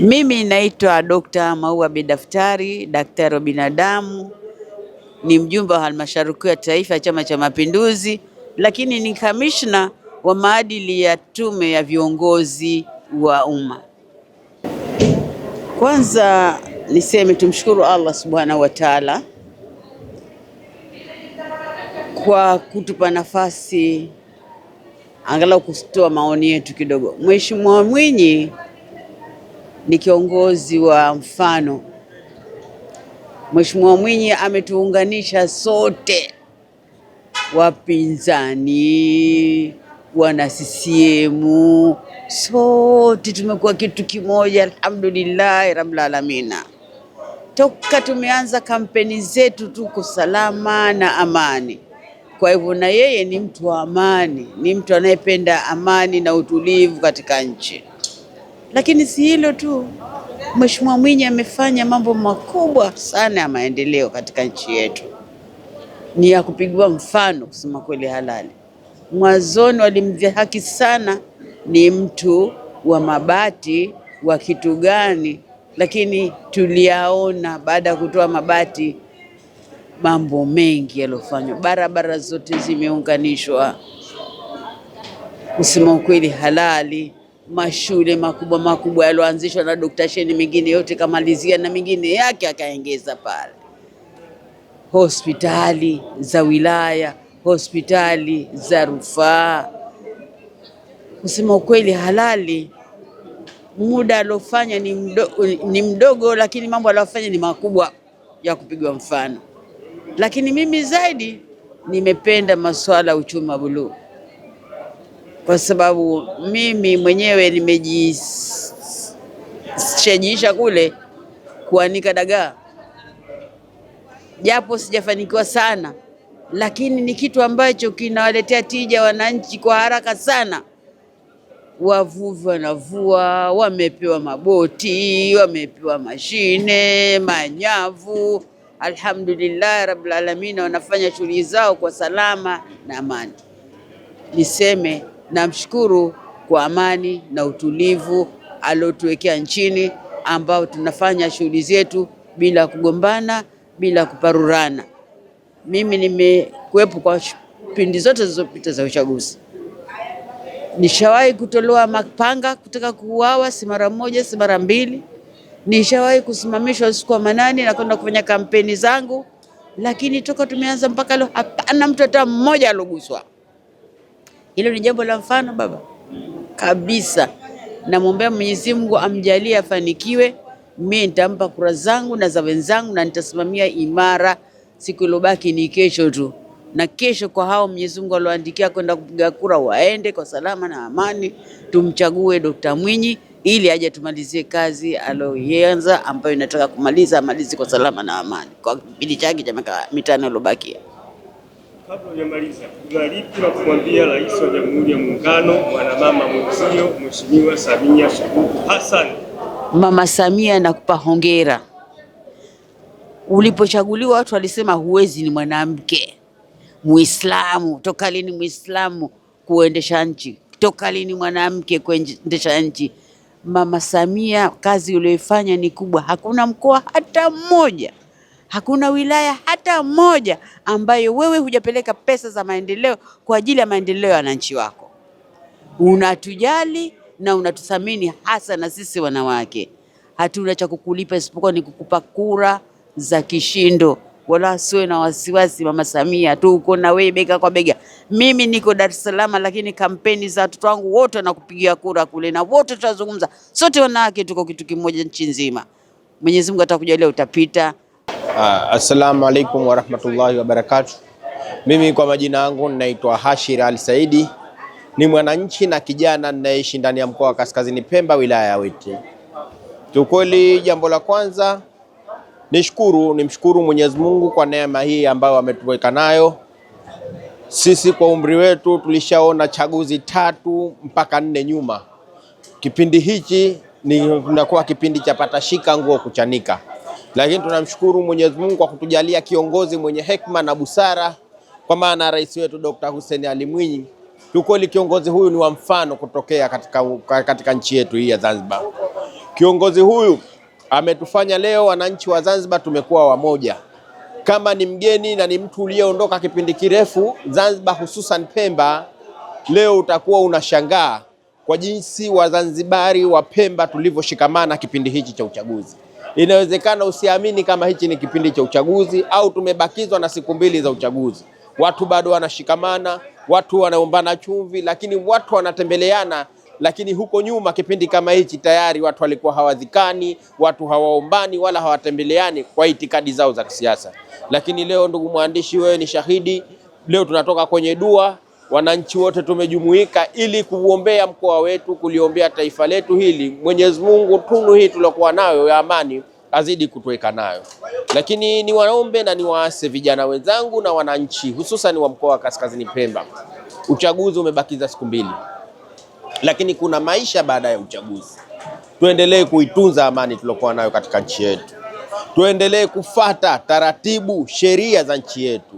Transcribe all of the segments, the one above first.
Mimi naitwa Dr. Maua Bidaftari, daktari wa binadamu, ni mjumbe wa halmashauri kuu ya taifa ya Chama cha Mapinduzi, lakini ni kamishna wa maadili ya tume ya viongozi wa umma. Kwanza niseme tumshukuru Allah subhanahu wa taala kwa kutupa nafasi angalau kutoa maoni yetu kidogo. Mheshimiwa Mwinyi ni kiongozi wa mfano. Mheshimiwa Mwinyi ametuunganisha sote, wapinzani, wana CCM, sote tumekuwa kitu kimoja, alhamdulillahi rabbil alamina. Toka tumeanza kampeni zetu tuko salama na amani. Kwa hivyo na yeye ni mtu wa amani, ni mtu anayependa amani na utulivu katika nchi. Lakini si hilo tu, Mheshimiwa Mwinyi amefanya mambo makubwa sana ya maendeleo katika nchi yetu, ni ya kupigwa mfano kusema kweli halali. Mwanzoni walimdhihaki sana, ni mtu wa mabati wa kitu gani? Lakini tuliyaona baada ya kutoa mabati mambo mengi yaliyofanywa, barabara zote zimeunganishwa. Kusema ukweli halali, mashule makubwa makubwa yaliyoanzishwa na Dr. Sheni, mengine yote kamalizia na mengine yake akaongeza pale, hospitali za wilaya, hospitali za rufaa. Kusema ukweli, halali muda aliofanya ni mdogo, ni mdogo, lakini mambo aliyofanya ni makubwa ya kupigwa mfano. Lakini mimi zaidi nimependa masuala ya uchumi wa buluu kwa sababu mimi mwenyewe nimejishajiisha kule kuanika dagaa, japo sijafanikiwa sana, lakini ni kitu ambacho kinawaletea tija wananchi kwa haraka sana. Wavuvi wanavua, wamepewa maboti, wamepewa mashine, manyavu. Alhamdulillah rabbil alamin, wanafanya shughuli zao kwa salama na amani. Niseme Namshukuru kwa amani na utulivu aliotuwekea nchini, ambao tunafanya shughuli zetu bila kugombana, bila kuparurana. Mimi nimekuwepo kwa pindi zote zilizopita za uchaguzi, nishawahi kutolewa mapanga kutaka kuuawa, si mara moja, si mara mbili. Nishawahi kusimamishwa usiku wa manane na kwenda kufanya kampeni zangu, lakini toka tumeanza mpaka leo hapana mtu hata mmoja aloguswa. Hilo ni jambo la mfano baba kabisa. Namwombea Mwenyezi Mungu amjalie afanikiwe. Mimi nitampa kura zangu na za wenzangu, na nitasimamia imara. Siku ilobaki ni kesho tu, na kesho kwa hao Mwenyezi Mungu alioandikia kwenda kupiga kura waende kwa salama na amani, tumchague Dokta Mwinyi ili aje tumalizie kazi aliyoianza ambayo inataka kumaliza amalizi kwa salama na amani kwa kipindi chake cha miaka mitano iliyobakia. Kabla hujamaliza, una lipi la kumwambia Rais wa Jamhuri ya Muungano mwanamama mwenzio Mheshimiwa Samia Suluhu Hassan? Mama Samia, nakupa hongera. Ulipochaguliwa watu walisema huwezi, ni mwanamke Muislamu. Toka lini Muislamu kuendesha nchi? Toka lini mwanamke kuendesha nchi? Mama Samia, kazi uliyoifanya ni kubwa. Hakuna mkoa hata mmoja Hakuna wilaya hata moja ambayo wewe hujapeleka pesa za maendeleo kwa ajili ya maendeleo ya wananchi wako. Unatujali na unatuthamini hasa na sisi wanawake. Hatuna cha kukulipa isipokuwa ni kukupa kura za kishindo. Wala siwe na wasiwasi, Mama Samia, tuko na wewe bega kwa bega. Mimi niko Dar es Salaam, lakini kampeni za watoto wangu wote wanakupigia kura kule, na wote tutazungumza, sote wanawake tuko kitu kimoja nchi nzima. Mwenyezi Mungu atakujalia, utapita. Uh, assalamu alaikum warahmatullahi wabarakatu. Mimi kwa majina yangu ninaitwa Hashir Ali Saidi, ni mwananchi na kijana ninayeishi ndani ya mkoa wa Kaskazini Pemba, wilaya ya Wete. Kiukweli, jambo la kwanza nishukuru, nimshukuru Mwenyezi Mungu kwa neema hii ambayo ametuweka nayo sisi. Kwa umri wetu tulishaona chaguzi tatu mpaka nne nyuma. Kipindi hichi ni nakuwa kipindi cha patashika nguo kuchanika. Lakini tunamshukuru Mwenyezi Mungu kwa kutujalia kiongozi mwenye hekima na busara, kwa maana rais wetu Dr. Hussein Ali Mwinyi. Kiukweli kiongozi huyu ni wa mfano kutokea katika, katika nchi yetu hii ya Zanzibar. Kiongozi huyu ametufanya leo wananchi wa Zanzibar tumekuwa wamoja. Kama ni mgeni na ni mtu uliyeondoka kipindi kirefu Zanzibar, hususan Pemba, leo utakuwa unashangaa kwa jinsi Wazanzibari wa Pemba tulivyoshikamana kipindi hichi cha uchaguzi. Inawezekana usiamini kama hichi ni kipindi cha uchaguzi au tumebakizwa na siku mbili za uchaguzi. Watu bado wanashikamana, watu wanaombana chumvi, lakini watu wanatembeleana. Lakini huko nyuma kipindi kama hichi tayari watu walikuwa hawazikani watu hawaombani wala hawatembeleani kwa itikadi zao za kisiasa. Lakini leo, ndugu mwandishi, wewe ni shahidi. Leo tunatoka kwenye dua wananchi wote tumejumuika ili kuuombea mkoa wetu, kuliombea taifa letu hili. Mwenyezi Mungu tunu hii tuliokuwa nayo ya amani azidi kutuweka nayo, lakini niwaombe na niwaase vijana wenzangu na wananchi hususan wa mkoa wa Kaskazini Pemba, uchaguzi umebakiza siku mbili, lakini kuna maisha baada ya uchaguzi. Tuendelee kuitunza amani tuliokuwa nayo katika nchi yetu, tuendelee kufata taratibu, sheria za nchi yetu.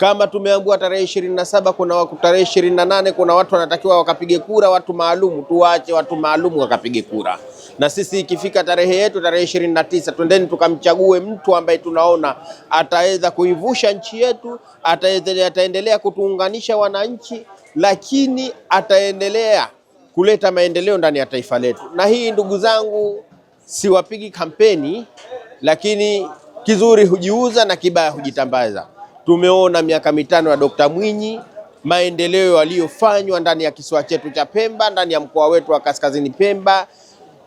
Kama tumeambiwa tarehe ishirini na saba kuna tarehe ishirini na nane kuna watu wanatakiwa wakapige kura, watu maalum tuwaache watu maalumu wakapige kura. Na sisi ikifika tarehe yetu tarehe ishirini na tisa twendeni tukamchague mtu ambaye tunaona ataweza kuivusha nchi yetu, ataendelea kutuunganisha wananchi, lakini ataendelea kuleta maendeleo ndani ya taifa letu. Na hii ndugu zangu, siwapigi kampeni, lakini kizuri hujiuza na kibaya hujitambaza. Tumeona miaka mitano ya Dokta Mwinyi, maendeleo yaliyofanywa ndani ya kisiwa chetu cha Pemba, ndani ya mkoa wetu wa Kaskazini Pemba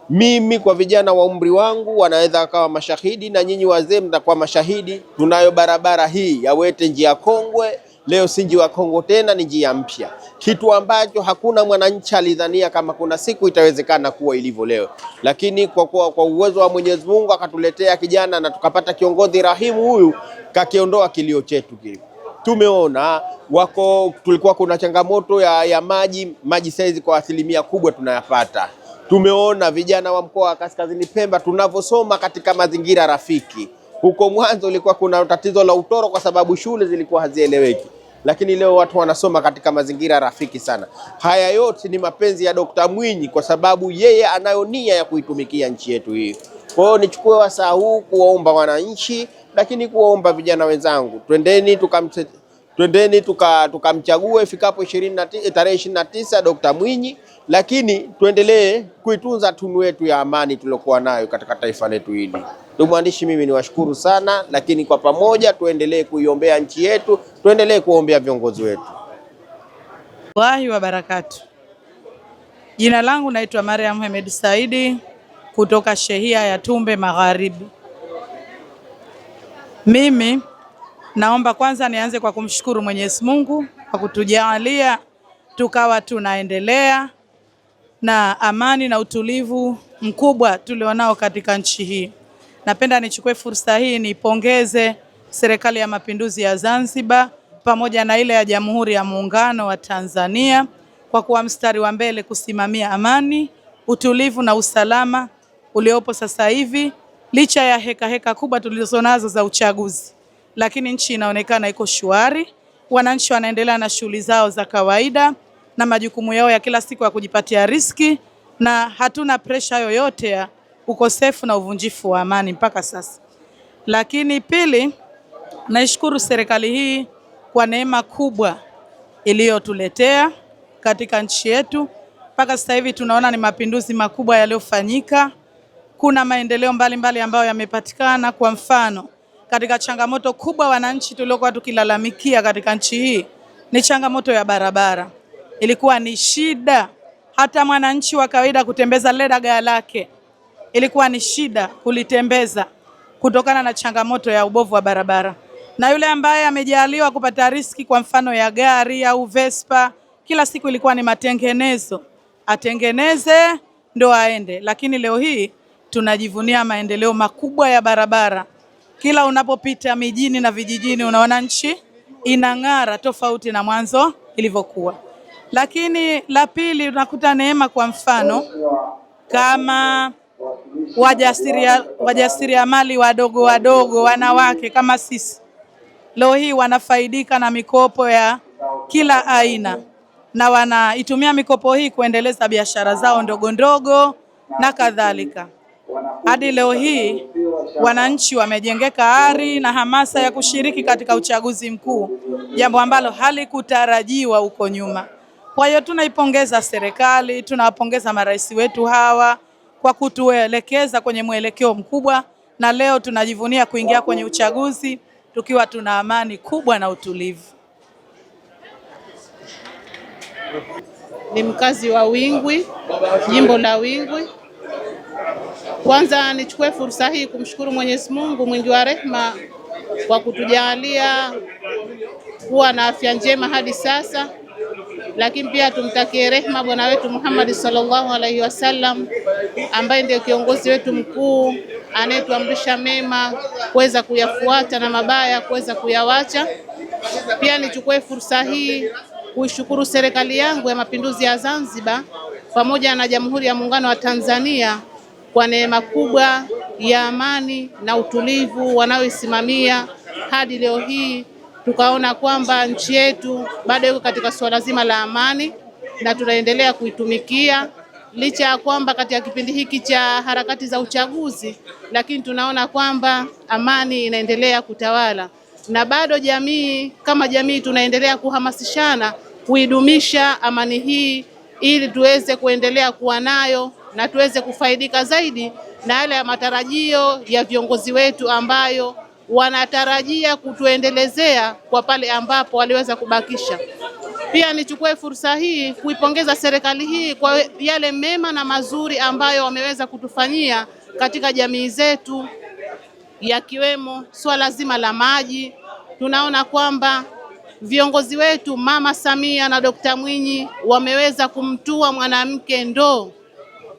mimi kwa vijana wa umri wangu wanaweza wakawa mashahidi na nyinyi wazee mtakuwa mashahidi. Tunayo barabara hii Yawete, njia kongwe. Leo si njia kongwe tena, ni njia mpya, kitu ambacho hakuna mwananchi alidhania kama kuna siku itawezekana kuwa ilivyo leo. Lakini kwa, kuwa kwa uwezo wa Mwenyezi Mungu akatuletea kijana na tukapata kiongozi rahimu. Huyu kakiondoa kilio chetu kile tumeona wako, tulikuwa kuna changamoto ya, ya maji maji saizi kwa asilimia kubwa tunayapata. Tumeona vijana wa mkoa wa Kaskazini Pemba tunavyosoma katika mazingira rafiki. Huko mwanzo ilikuwa kuna tatizo la utoro kwa sababu shule zilikuwa hazieleweki, lakini leo watu wanasoma katika mazingira rafiki sana. Haya yote ni mapenzi ya Dokta Mwinyi, kwa sababu yeye anayo nia ya kuitumikia nchi yetu hii. Kwa hiyo nichukue wasaa huu kuwaomba wananchi, lakini kuwaomba vijana wenzangu, twendeni tukamtete Twendeni tukamchague tuka ifikapo eh, tarehe ishirini na tisa Dokta Mwinyi, lakini tuendelee kuitunza tunu yetu ya amani tuliokuwa nayo katika taifa letu hili. Ndugu mwandishi, mimi niwashukuru sana, lakini kwa pamoja tuendelee kuiombea nchi yetu, tuendelee kuombea viongozi wetu. Wahi wa barakatu. Jina langu naitwa Mariam Hamed Saidi kutoka shehia ya Tumbe Magharibi. Mimi Naomba kwanza nianze kwa kumshukuru Mwenyezi Mungu kwa kutujalia tukawa tunaendelea na amani na utulivu mkubwa tulionao katika nchi hii. Napenda nichukue fursa hii nipongeze Serikali ya Mapinduzi ya Zanzibar pamoja na ile ya Jamhuri ya Muungano wa Tanzania kwa kuwa mstari wa mbele kusimamia amani, utulivu na usalama uliopo sasa hivi licha ya hekaheka heka kubwa tulizonazo za uchaguzi lakini nchi inaonekana iko shwari, wananchi wanaendelea na shughuli zao za kawaida na majukumu yao ya kila siku ya kujipatia riski, na hatuna presha yoyote ya ukosefu na uvunjifu wa amani mpaka sasa. Lakini pili, naishukuru serikali hii kwa neema kubwa iliyotuletea katika nchi yetu. Mpaka sasa hivi tunaona ni mapinduzi makubwa yaliyofanyika, kuna maendeleo mbalimbali mbali ambayo yamepatikana. Kwa mfano katika changamoto kubwa wananchi tuliokuwa tukilalamikia katika nchi hii ni changamoto ya barabara. Ilikuwa ni shida hata mwananchi wa kawaida kutembeza lile dagaa lake, ilikuwa ni shida kulitembeza kutokana na changamoto ya ubovu wa barabara. Na yule ambaye amejaliwa kupata riski, kwa mfano ya gari au Vespa, kila siku ilikuwa ni matengenezo, atengeneze ndo aende. Lakini leo hii tunajivunia maendeleo makubwa ya barabara kila unapopita mijini na vijijini, unaona nchi inang'ara tofauti na mwanzo ilivyokuwa. Lakini la pili, unakuta neema. Kwa mfano kama wajasiria wajasiriamali wadogo wadogo, wanawake kama sisi, leo hii wanafaidika na mikopo ya kila aina na wanaitumia mikopo hii kuendeleza biashara zao ndogo ndogo na kadhalika. Hadi leo hii wananchi wamejengeka ari na hamasa ya kushiriki katika uchaguzi mkuu, jambo ambalo halikutarajiwa huko nyuma. Kwa hiyo tunaipongeza serikali, tunawapongeza marais wetu hawa kwa kutuelekeza kwenye mwelekeo mkubwa, na leo tunajivunia kuingia kwenye uchaguzi tukiwa tuna amani kubwa na utulivu. Ni mkazi wa Wingwi, jimbo la Wingwi. Kwanza nichukue fursa hii kumshukuru Mwenyezi Mungu mwingi wa rehema kwa kutujalia kuwa na afya njema hadi sasa, lakini pia tumtakie rehema bwana wetu Muhammad sallallahu alaihi wasallam ambaye ndiye kiongozi wetu mkuu anayetuamrisha mema kuweza kuyafuata na mabaya kuweza kuyawacha. Pia nichukue fursa hii kuishukuru serikali yangu ya mapinduzi ya Zanzibar pamoja na Jamhuri ya Muungano wa Tanzania kwa neema kubwa ya amani na utulivu wanayoisimamia hadi leo hii, tukaona kwamba nchi yetu bado iko katika suala zima la amani na tunaendelea kuitumikia licha ya kwamba katika kipindi hiki cha harakati za uchaguzi, lakini tunaona kwamba amani inaendelea kutawala na bado jamii kama jamii tunaendelea kuhamasishana kuidumisha amani hii ili tuweze kuendelea kuwa nayo na tuweze kufaidika zaidi na yale ya matarajio ya viongozi wetu ambayo wanatarajia kutuendelezea kwa pale ambapo waliweza kubakisha. Pia nichukue fursa hii kuipongeza serikali hii kwa yale mema na mazuri ambayo wameweza kutufanyia katika jamii zetu, yakiwemo swala zima la maji. Tunaona kwamba viongozi wetu Mama Samia na Dokta Mwinyi wameweza kumtua mwanamke ndoo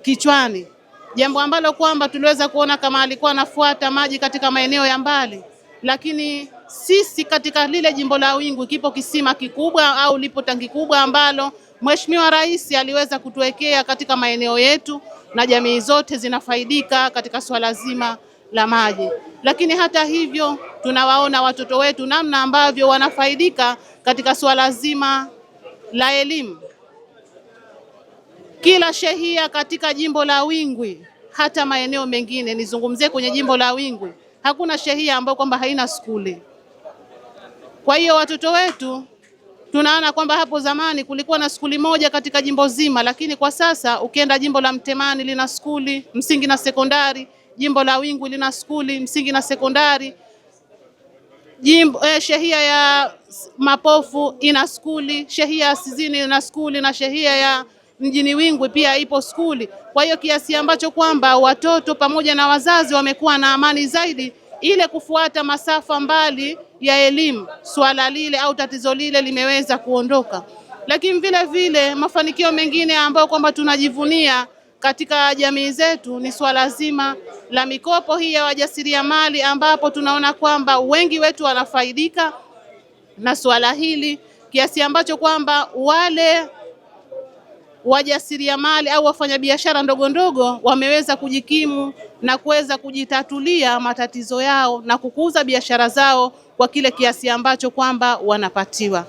kichwani, jambo ambalo kwamba tuliweza kuona kama alikuwa anafuata maji katika maeneo ya mbali, lakini sisi katika lile jimbo la Wingu kipo kisima kikubwa au lipo tangi kubwa ambalo Mheshimiwa Rais aliweza kutuwekea katika maeneo yetu na jamii zote zinafaidika katika swala zima la maji. Lakini hata hivyo, tunawaona watoto wetu namna ambavyo wanafaidika katika swala zima la elimu kila shehia katika jimbo la Wingwi, hata maeneo mengine, nizungumzie kwenye jimbo la Wingwi, hakuna shehia ambayo kwamba haina skuli. Kwa hiyo watoto wetu tunaona kwamba hapo zamani kulikuwa na skuli moja katika jimbo zima, lakini kwa sasa ukienda jimbo la Mtemani lina skuli msingi na sekondari, jimbo la wingwi lina skuli msingi na sekondari, jimbo eh, shehia ya Mapofu ina skuli, shehia ya Sizini ina skuli na shehia ya mjini Wingwi pia ipo skuli. Kwa hiyo kiasi ambacho kwamba watoto pamoja na wazazi wamekuwa na amani zaidi ile kufuata masafa mbali ya elimu, swala lile au tatizo lile limeweza kuondoka. Lakini vile vile mafanikio mengine ambayo kwamba tunajivunia katika jamii zetu ni swala zima la mikopo hii ya wajasiriamali, ambapo tunaona kwamba wengi wetu wanafaidika na swala hili kiasi ambacho kwamba wale wajasiriamali au wafanyabiashara ndogo ndogo wameweza kujikimu na kuweza kujitatulia matatizo yao na kukuza biashara zao kwa kile kiasi ambacho kwamba wanapatiwa.